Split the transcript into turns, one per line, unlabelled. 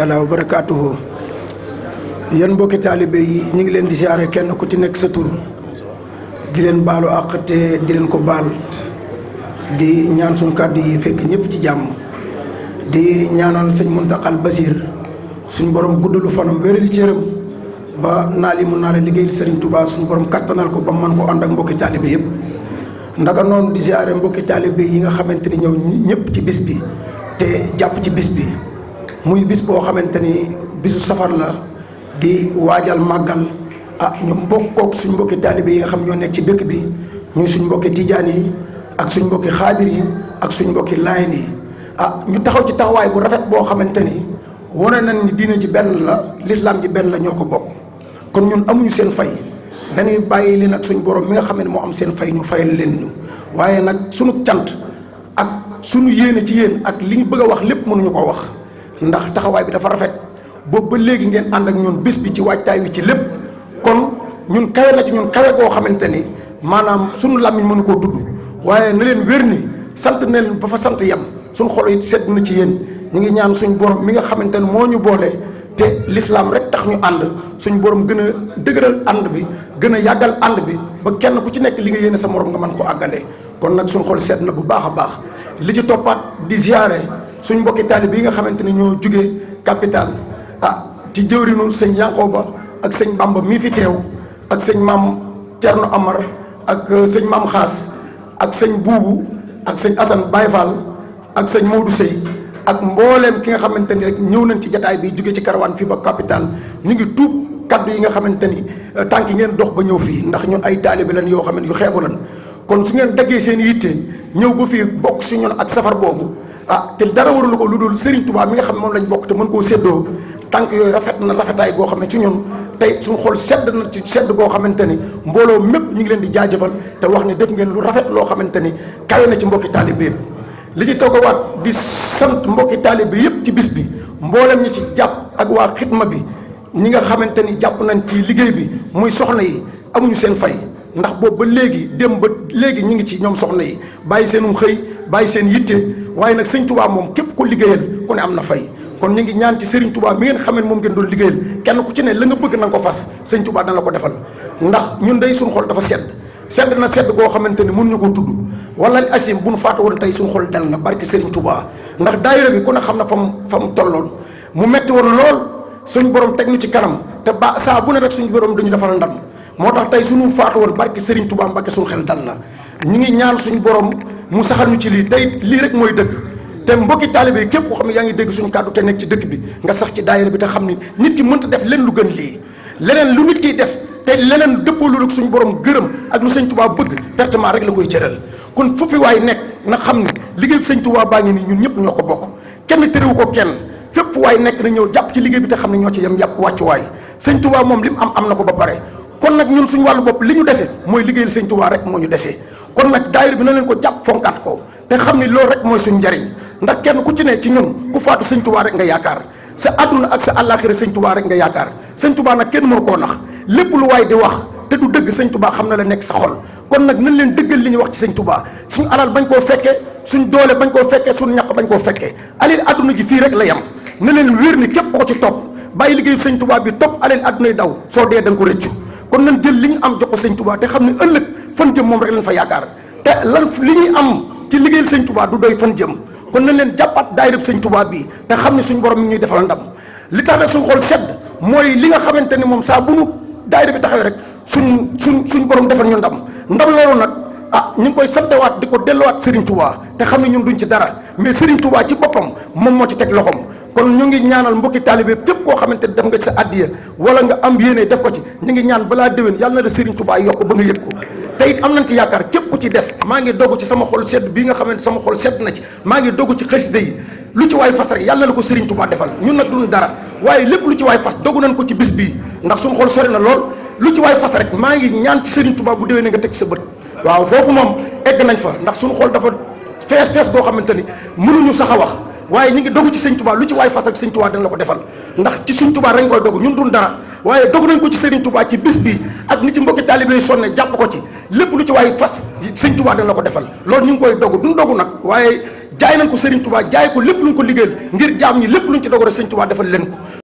wa barakaatuhu yéen mbokki taalibe yi ñu ngi leen di siyaare kenn ku ci nekk sa tur di leen baalu àq te di leen ko baal di ñaan suñ kàddu yi fekk ñëpp ci jàmm di ñaanal sëñ Muntaxal Basiir suñu borom guddalu fanam wéral cëram ba naa li mun naa la liggéeyal sëriñ Touba suñu borom kattanal ko ba man ko ànd ak mbokki taalibe yëpp ndaka noonu di siyaare mbokki taalibe yi nga xamante ni ñëw ñëpp ci bis bi te jàpp ci bis bi muy bis boo xamante ni bisu safar la di waajal màggal ah ñu mbokkook suñ mbokki taalibe yi nga xam ñoo nekk ci dëkk bi ñu suñ mbokki tijaan yi ak suñ mbokki xaadir yi ak suñ mbokki laayin yi ah ñu taxaw ci taxawaay bu rafet boo xamante ni wane nañ ni diine ji benn la lislaam ji benn la ñoo ko bokk kon ñun amuñu seen fay dañuy bàyyi leen ak suñ borom mi nga xam ne moo am seen fay ñu fayal leen waaye nag suñu cant ak suñu yéene ci yéen ak li ñu bëgg a wax lépp mënuñu ko wax ndax taxawaay bi dafa rafet boobu ba léegi ngeen ànd ak ñun bis bi ci waajtaay wi ci lépp kon ñun kawe na ci ñun kawe goo xamante ni maanaam suñu làmmiñ mënu koo tudd waaye na leen wér ni sant na leen ba fa sant yam suñu xol yi sedd na ci yéen mu ngi ñaan suñ borom mi nga xamante ne moo ñu boolee te lislaam rek tax ñu ànd suñu borom gën a dëgëral ànd bi gën a yàggal ànd bi ba kenn ku ci nekk li nga yéene sa morom nga mën ko àggalee kon nag suñu xol sedd na bu baax a baax li ci toppaat di ziyaare suñ mbokki taalibe yi nga xamante ne ñoo jugee capital ah ci jëwrinu sëñ Yankoba ak sëñ Bamba mii fi teew ak sëñ maam Thierno Amar ak euh, sëñ maam Xaas ak sëñ Buubu ak sëñ asan Baye Fall ak sëñ Maodo Sey ak mbooleem ki nga xamante ni rek ñëw nañ ci jataay bi jóge ci karawaan fii ba capital ñu ngi tuub kàddu yi nga xamante ni euh, tànk yi ngeen dox ba ñëw fii ndax ñun ay taalibe lañ yoo xam ne yu xeebu lañ kon su ngeen daggee seen yitte ñëw ba fii bokk si ñun ak safar boobu ah te dara warul ko lu dul Serigne Touba mi nga xam ne moom lañ bokk te mën koo séddoo tànk yooyu rafet na rafetaay goo xam ne ci ñun tey suñu xol sedd na ci sedd goo xamante ni mbooloo mépp ñu ngi leen di jaajëfal te wax ne def ngeen lu rafet loo xamante ni kawe na ci mbokki taalibe yëpp li ci toggawaat di sant mbokki taalibe yëpp ci bis bi mboolem ñi ci jàpp ak waa xitma bi ñi nga xamante ni jàpp nañ ci liggéey bi muy soxna yi amuñu seen fay ndax boobu ba léegi dem ba léegi ñu ngi ci ñoom soxna yi bàyyi seenum xëy bàyyi seen yitte waaye nag sëñ Tuubaa moom képp ko liggéeyal ku ne am na fay kon ñu ngi ñaan ci sëriñ tubaa mi ngeen xamee moom ngeen doon liggéeyal kenn ku ci ne la nga bëgg na nga ko fas sëñ Tuubaa dana la defal ndax ñun day suñ xol dafa sedd sedd na sedd goo xamante ni mënuñu ko tudd wala asim bu nu faatu woon tey suñ xol dal na barke sëriñ Tuubaa ndax daayira bi ku ne xam na fa mu fa mu tolloon mu metti woon lool suñ borom teg ñu ci kanam te ba saa bu ne rek suñ borom dañu defal ndam moo tax tey suñu faatu woon barke Serigne Touba Mbacke suñu xel dal na ñu ngi ñaan suñu borom mu saxal ñu ci lii tey lii rek mooy dëgg te mbokki taalibe yi képp koo xam ne yaa ngi dégg suñu kàddu te nekk ci dëkk bi nga sax ci daayira bi te xam ni nit ki mënta def leen lu gën lii leneen lu nit kiy def te leneen dëppoo lu suñu borom gërëm ak lu sëñ tubaa bëgg pertement rek la koy jëral kon foofu waaye nekk na xam ne liggéey sëñ Touba baa ngi ni ñun ñëpp ñoo ko bokk kenn tëréwu ko kenn fépp fu waay nekk na ñëw jàpp ci liggéey bi te xam ne ñoo ci yem yàpp wàccuwaay sëñ moom li mu am am na ko ba pare kon nag ñun suñu wàllu bopp li ñu dese mooy liggéeyal sëñ Tuubaa rek moo ñu dese kon nag daayira bi na leen ko jàpp fonkaat ko te xam ni loolu rek mooy suñu njariñ ndax kenn ku ci ne ci ñun ku faatu sëñ Tuubaa rek nga yaakaar sa àdduna ak sa àllaaxira sëñ Tuubaa rek nga yaakaar sëñ Tuubaa nag kenn mënu koo nax lépp lu waaye di wax te du dëgg sëñ Tuubaa xam na la nekk sa xol kon nag nañ leen dëggal li ñu wax ci sëñ Tuubaa suñu alal bañ koo fekkee suñ doole bañ koo fekkee suñ ñaq bañ koo fekkee alil àdduna fii rek la yem na leen wér ni ko ci topp bàyyi liggéey sëñ Tuubaa bi topp alil àdduna yi daw soo dee da nga ko rëccu kon nañ jël li ñu am jox ko sëñ te xam ne ëllëg fan jëm moom rek lañ fa yaakaar te lan li ñuy am ci liggéeyal sëñ Touba du doy fan jëm kon nañ leen jàppaat daayirab sëñ Touba bii te xam ne suñ borom mi ñuy defal ndam li tax nag suñ xool sedd mooy li nga xamante ni moom saa bu nu daayira bi taxawee rek suñ suñ suñ borom defal ñu ndam ndam loolu nag ah ñu ngi koy santewaat di ko delluwaat Serigne Touba te xam ne ñun duñ ci dara mais Serigne tubaa ci boppam moom moo ci teg loxoom kon ñu ngi ñaanal mbokki taalibe képp koo xamante ne def nga ci sa addiya wala nga am yéene def ko ci ñu ngi ñaan balaa déwén yàlla na la Serigne Touba yokk ba nga yëg ko te it am nañ ci yaakaar képp ku ci def maa ngi dogg ci sama xol sedd bi nga xamante sama xol sedd na ci maa ngi dogg ci xasida yi lu ci waay fas rek yàlla na la ko defal ñun nag duñ dara waaye lépp lu ci waay fas dogu nañ ko ci bis bii ndax suñu xol sori na lool lu ci waay fas rek maa ngi ñaan ci Serigne Touba bu déwénee nga teg sa bët waaw foofu moom egg nañ fa ndax suñu xool dafa fees fees goo xamante ni mënuñu sax a wax waaye ñu ngi dogu ci sëñ Touba lu ci waay fas rek sëñ Touba dina la ko defal ndax ci sëñ Touba rek koy dogu ñun duñ dara nañ ko ci sëriñ Touba ci bis bi ak ni ci mbokki taalibe yi sonne jàpp ko ci lépp lu ci waay fas sëñ Touba dina la ko defal loolu ñu ngi koy dogu duñ dogu nag waaye jaay nañ ko sëriñ Touba jaay ko lépp luñ ko liggéeyal ngir jaam ñi lépp luñ ci dogu rek sëñ Touba defal leen ko